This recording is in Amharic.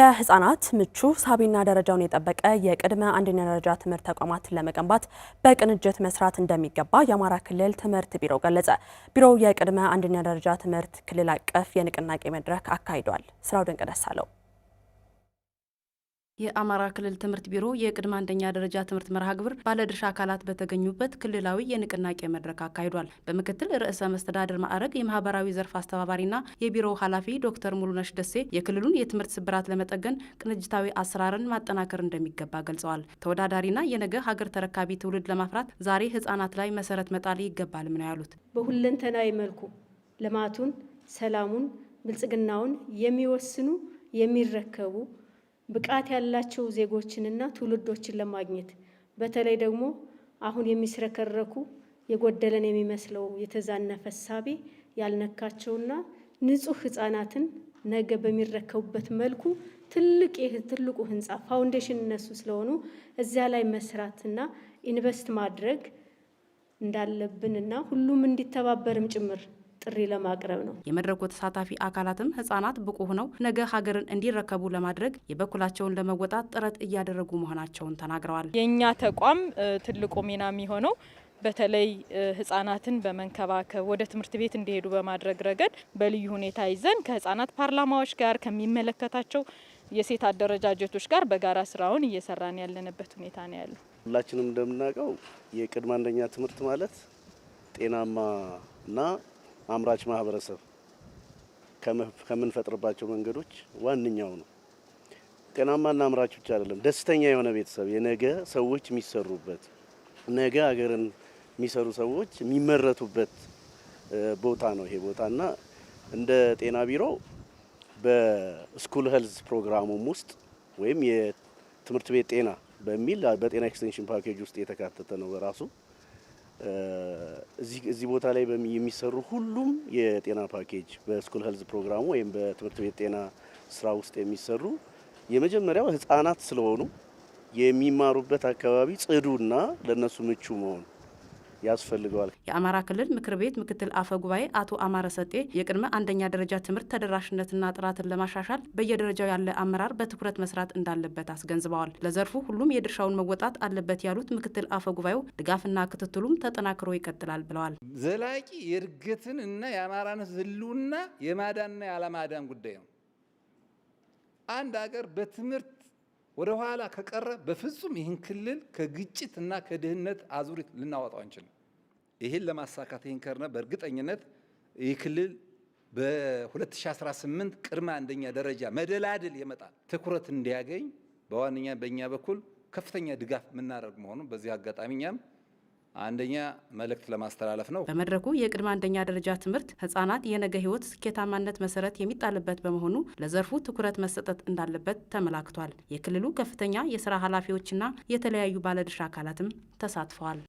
ለህጻናት ምቹ ሳቢና ደረጃውን የጠበቀ የቅድመ አንደኛ ደረጃ ትምህርት ተቋማትን ለመገንባት በቅንጅት መስራት እንደሚገባ የአማራ ክልል ትምህርት ቢሮ ገለጸ። ቢሮው የቅድመ አንደኛ ደረጃ ትምህርት ክልል አቀፍ የንቅናቄ መድረክ አካሂዷል። ስራው ድንቅ ደሳለው የአማራ ክልል ትምህርት ቢሮ የቅድመ አንደኛ ደረጃ ትምህርት መርሃ ግብር ባለድርሻ አካላት በተገኙበት ክልላዊ የንቅናቄ መድረክ አካሂዷል። በምክትል ርዕሰ መስተዳድር ማዕረግ የማህበራዊ ዘርፍ አስተባባሪና የቢሮው ኃላፊ ዶክተር ሙሉነሽ ደሴ የክልሉን የትምህርት ስብራት ለመጠገን ቅንጅታዊ አሰራርን ማጠናከር እንደሚገባ ገልጸዋል። ተወዳዳሪና የነገ ሀገር ተረካቢ ትውልድ ለማፍራት ዛሬ ህጻናት ላይ መሰረት መጣል ይገባልም ነው ያሉት። በሁለንተናዊ መልኩ ልማቱን፣ ሰላሙን፣ ብልጽግናውን የሚወስኑ የሚረከቡ ብቃት ያላቸው ዜጎችንና ትውልዶችን ለማግኘት በተለይ ደግሞ አሁን የሚስረከረኩ የጎደለን የሚመስለው የተዛነፈ እሳቤ ያልነካቸውና ንጹህ ህጻናትን ነገ በሚረከቡበት መልኩ ትልቅ ትልቁ ህንፃ ፋውንዴሽን እነሱ ስለሆኑ እዚያ ላይ መስራትና ኢንቨስት ማድረግ እንዳለብንና ሁሉም እንዲተባበርም ጭምር ጥሪ ለማቅረብ ነው። የመድረኩ ተሳታፊ አካላትም ህጻናት ብቁ ሆነው ነገ ሀገርን እንዲረከቡ ለማድረግ የበኩላቸውን ለመወጣት ጥረት እያደረጉ መሆናቸውን ተናግረዋል። የእኛ ተቋም ትልቁ ሚና የሚሆነው በተለይ ህጻናትን በመንከባከብ ወደ ትምህርት ቤት እንዲሄዱ በማድረግ ረገድ በልዩ ሁኔታ ይዘን ከህጻናት ፓርላማዎች ጋር ከሚመለከታቸው የሴት አደረጃጀቶች ጋር በጋራ ስራውን እየሰራን ያለንበት ሁኔታ ነው ያለው። ሁላችንም እንደምናውቀው የቅድመ አንደኛ ትምህርት ማለት ጤናማ እና አምራች ማህበረሰብ ከምንፈጥርባቸው መንገዶች ዋነኛው ነው። ጤናማና አምራች ብቻ አይደለም፣ ደስተኛ የሆነ ቤተሰብ የነገ ሰዎች የሚሰሩበት ነገ ሀገርን የሚሰሩ ሰዎች የሚመረቱበት ቦታ ነው ይሄ ቦታ እና እንደ ጤና ቢሮ በስኩል ሄልዝ ፕሮግራሙም ውስጥ ወይም የትምህርት ቤት ጤና በሚል በጤና ኤክስቴንሽን ፓኬጅ ውስጥ የተካተተ ነው በራሱ እዚህ ቦታ ላይ የሚሰሩ ሁሉም የጤና ፓኬጅ በስኩል ሄልዝ ፕሮግራሙ ወይም በትምህርት ቤት ጤና ስራ ውስጥ የሚሰሩ የመጀመሪያው ህጻናት ስለሆኑ የሚማሩበት አካባቢ ጽዱና ለእነሱ ምቹ መሆኑ ያስፈልገዋል። የአማራ ክልል ምክር ቤት ምክትል አፈ ጉባኤ አቶ አማረ ሰጤ የቅድመ አንደኛ ደረጃ ትምህርት ተደራሽነትና ጥራትን ለማሻሻል በየደረጃው ያለ አመራር በትኩረት መስራት እንዳለበት አስገንዝበዋል። ለዘርፉ ሁሉም የድርሻውን መወጣት አለበት ያሉት ምክትል አፈ ጉባኤው ድጋፍና ክትትሉም ተጠናክሮ ይቀጥላል ብለዋል። ዘላቂ የእድገትን እና የአማራን ህልውና የማዳንና የአለማዳን ጉዳይ ነው። አንድ ሀገር በትምህርት ወደ ኋላ ከቀረ በፍጹም ይህን ክልል ከግጭት እና ከድህነት አዙሪት ልናወጣው አንችልም። ይህን ለማሳካት ይህን ከርነ በእርግጠኝነት ይህ ክልል በ2018 ቅድመ አንደኛ ደረጃ መደላድል ይመጣል። ትኩረት እንዲያገኝ በዋነኛ በእኛ በኩል ከፍተኛ ድጋፍ የምናደርግ መሆኑን በዚህ አጋጣሚ እኛም አንደኛ መልእክት ለማስተላለፍ ነው። በመድረኩ የቅድመ አንደኛ ደረጃ ትምህርት ህጻናት የነገ ህይወት ስኬታማነት መሰረት የሚጣልበት በመሆኑ ለዘርፉ ትኩረት መሰጠት እንዳለበት ተመላክቷል። የክልሉ ከፍተኛ የስራ ኃላፊዎችና የተለያዩ ባለድርሻ አካላትም ተሳትፈዋል።